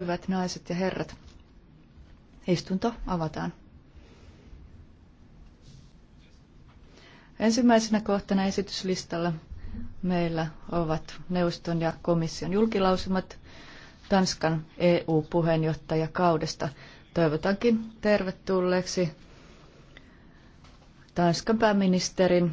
Hyvät naiset ja herrat, istunto avataan. Ensimmäisenä kohtana esityslistalla meillä ovat neuvoston ja komission julkilausumat Tanskan EU-puheenjohtajakaudesta. Toivotankin tervetulleeksi Tanskan pääministerin